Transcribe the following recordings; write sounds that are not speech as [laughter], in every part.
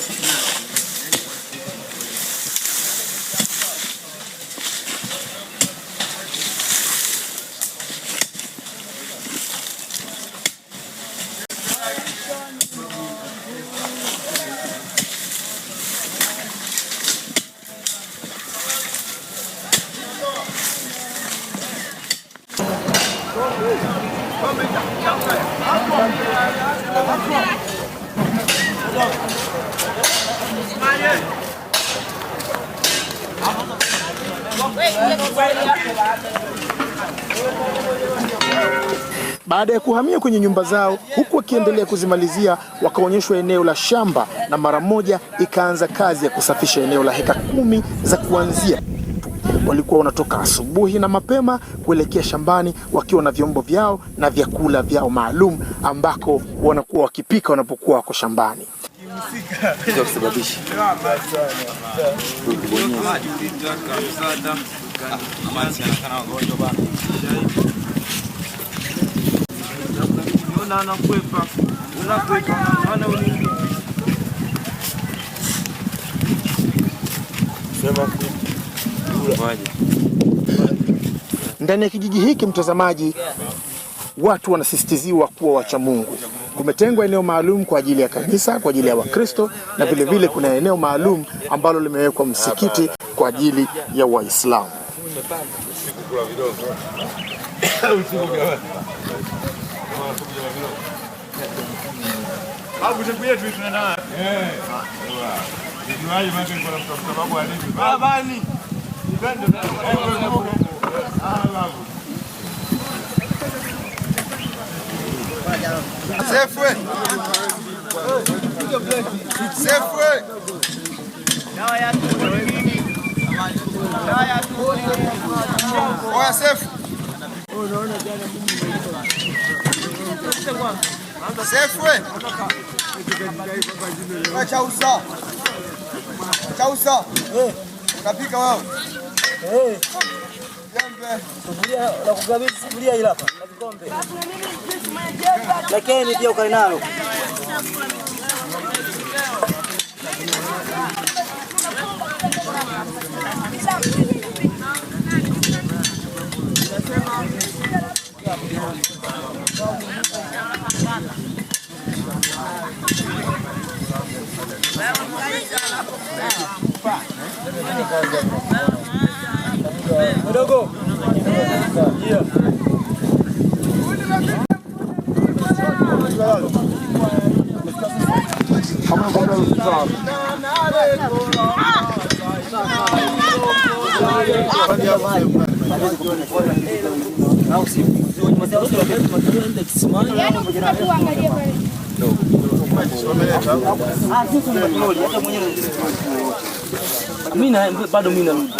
Thank you. Baada ya kuhamia kwenye nyumba zao, huku wakiendelea kuzimalizia, wakaonyeshwa eneo la shamba na mara moja ikaanza kazi ya kusafisha eneo la heka kumi za kuanzia. Walikuwa wanatoka asubuhi na mapema kuelekea shambani wakiwa na vyombo vyao na vyakula vyao maalum ambako wanakuwa wakipika wanapokuwa wako shambani. Ndani ya kijiji hiki mtazamaji, watu wanasisitiziwa kuwa wacha Mungu. Kumetengwa eneo maalum kwa ajili ya kanisa, kwa ajili ya Wakristo na vilevile kuna eneo maalum ambalo limewekwa msikiti kwa ajili ya Waislamu tumepanda usiku kula vidogo usiku kula Babu siku yetu tunaenda wapi? Eh. Nijuaje maana niko na mtafuta babu alipi? Babani. Ibende ndio. Ah, babu. Sefwe. Sefwe. Dawa yake nini? Amani. Olha, Cefo. Cefo, ué. Vai, tchau, só. Tchau, só. Kapika wao. Eh. Jambe. Sufuria na kugabia sufuria hili hapa na kikombe. Lakini pia ukae nalo. Mdogo. Yeah. How many bottles is that? Mimi bado mimi narudi.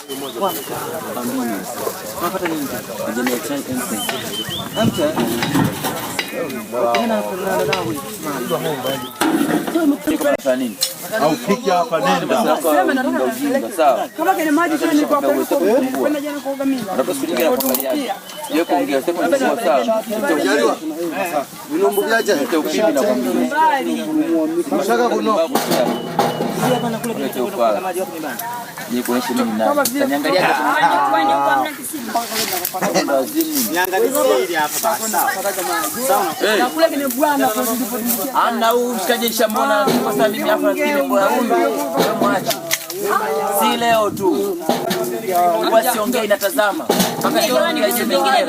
Unapata nini? au piga hapa, nenda kama kile maji eh? kuongea Amna ah. huyu mshikaji shamona Si leo tu. Wasiongee inatazama. Mpaka leo ndio nyingine.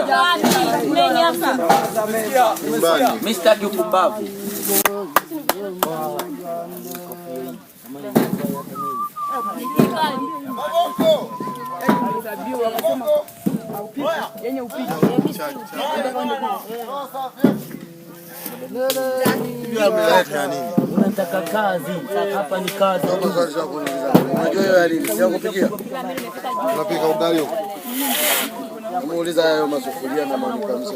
yenye unataka kazi hapa, ni kazi. muuliza hayo masufuria na manukanusi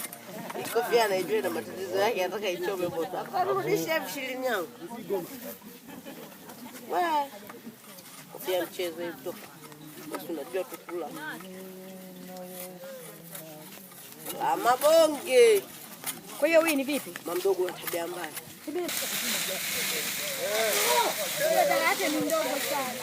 Sofia anaijua na matatizo yake, anataka ichome moto, akarudisha elfu ishirini yangu. Sofia mchezo hivyo, basi unajua tukula ama ah, bonge. Kwa hiyo wewe ni vipi? Mamdogo wa tabia mbaya ni ndogo sana.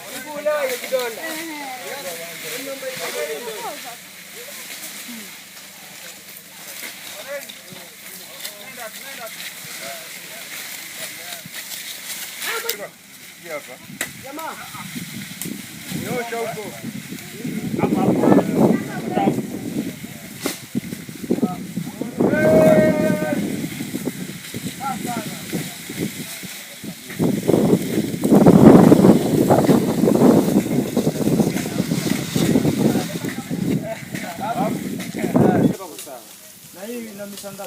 Nahi na misanda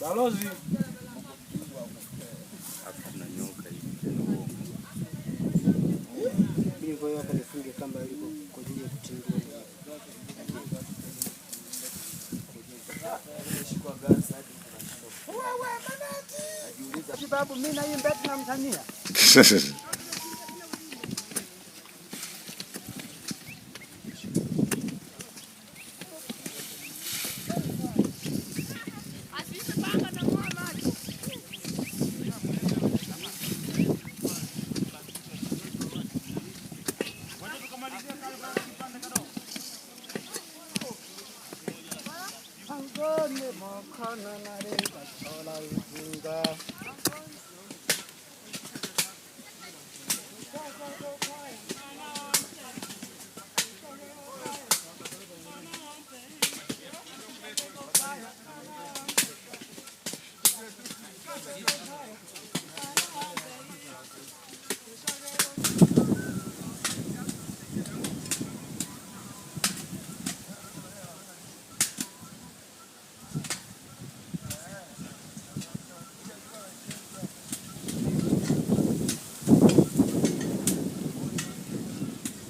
Balozi mimi kwa hiyo hapa nifunge kamba ilipo kwa ajili ya kutingua. Wewe manaki. Kibabu mimi na yeye mbeti na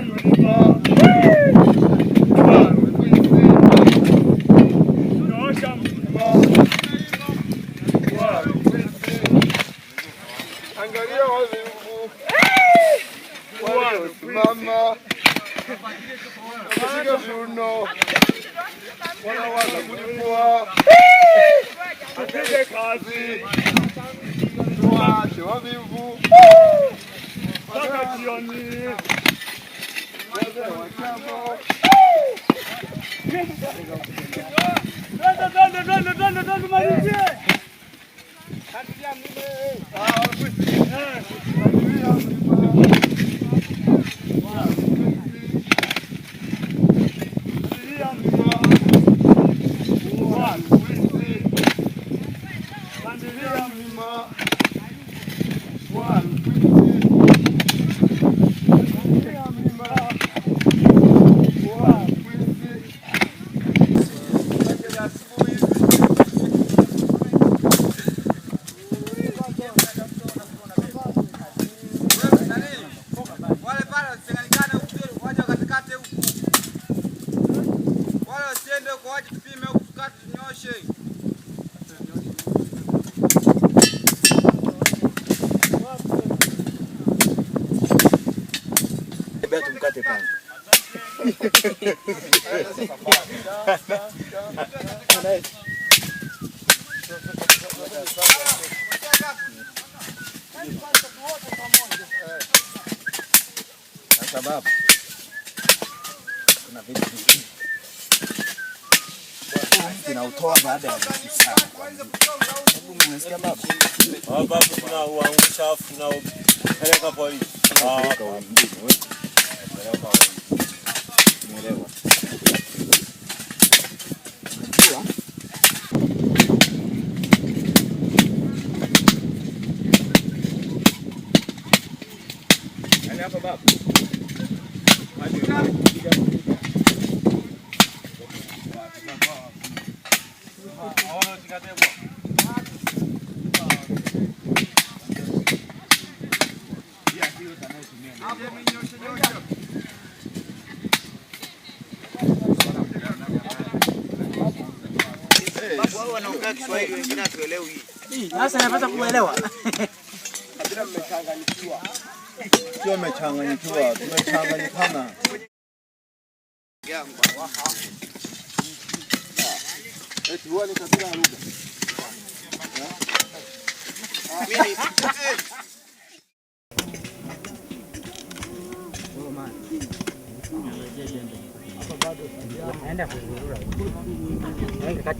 Salamat. Hadi kwa sababu kuna vitu vingi tunautoa baada ya sana. Umesikia baba? Ah, baba tunauangusha afu polisi. apa baba? Maju lah. Tiga. wanaongea Kiswahili wengine hatuelewi. Sasa napata kuelewa. [laughs] 这没枪啊，你吧，啊，没枪啊，你看看。我好。来，你过来，你这个。啊，美女。哎，那块有路了。哎，看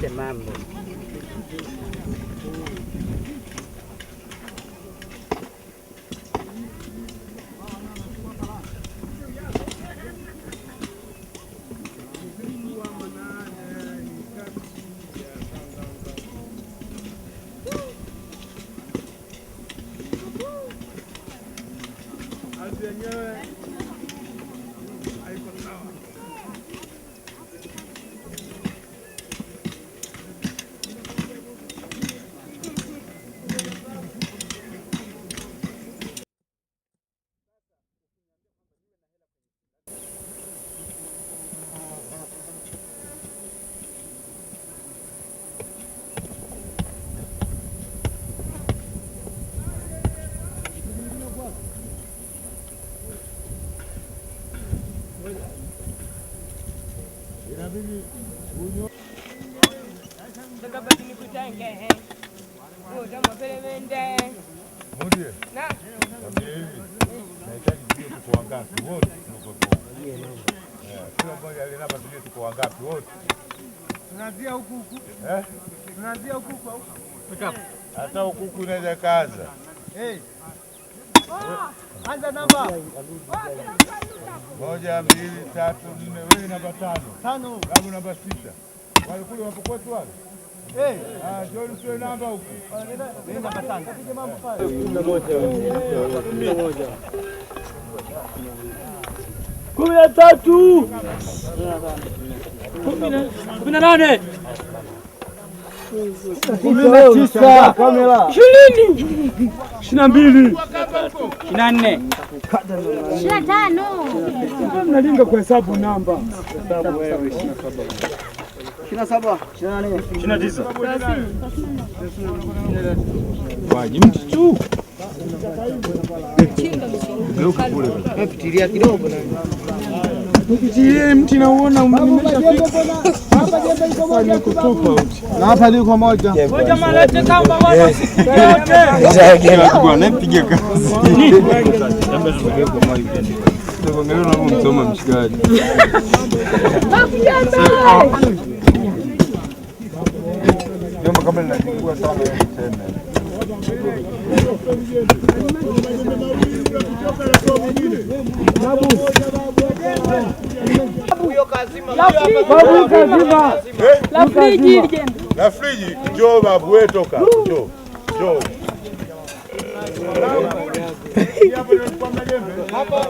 kuku naja kaza moja mbili tatu nne, wewe namba tano, abu namba sita, wale kule wapo kwetu wale. Ah, namba huku kumi na tatu kumi na nane kumi ishirini na mbili ishirini na nne ishirini na tano mnalinga kuhesabu namba mti tu geuka kule, pitilia kidogo. Nikijirie mti na uona umenimisha na hapa liko moja. Napiga kazi msoma mshikaji kama linazingua sana la friji njoo babu wewe, toka njoo, njoo hapa,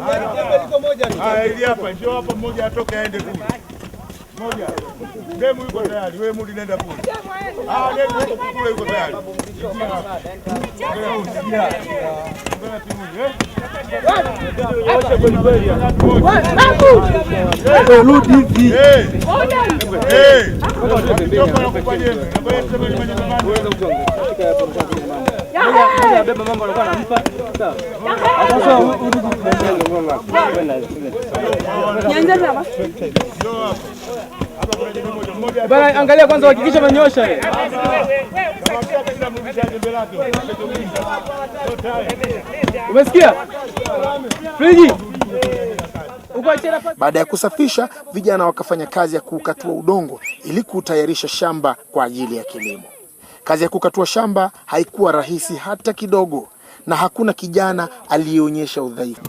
njoo hapa, mmoja atoke aende kule. Moja. Demu yuko tayari. Wewe mudi nenda kule. Ah, demu yuko kule yuko tayari. Eh bana. Angalia kwanza, hakikisha amenyosha umesikia friji. Baada ya kusafisha, vijana wakafanya kazi ya kuukatua udongo ili kutayarisha shamba kwa ajili ya kilimo. Kazi ya kukatua shamba haikuwa rahisi hata kidogo, na hakuna kijana aliyeonyesha udhaifu.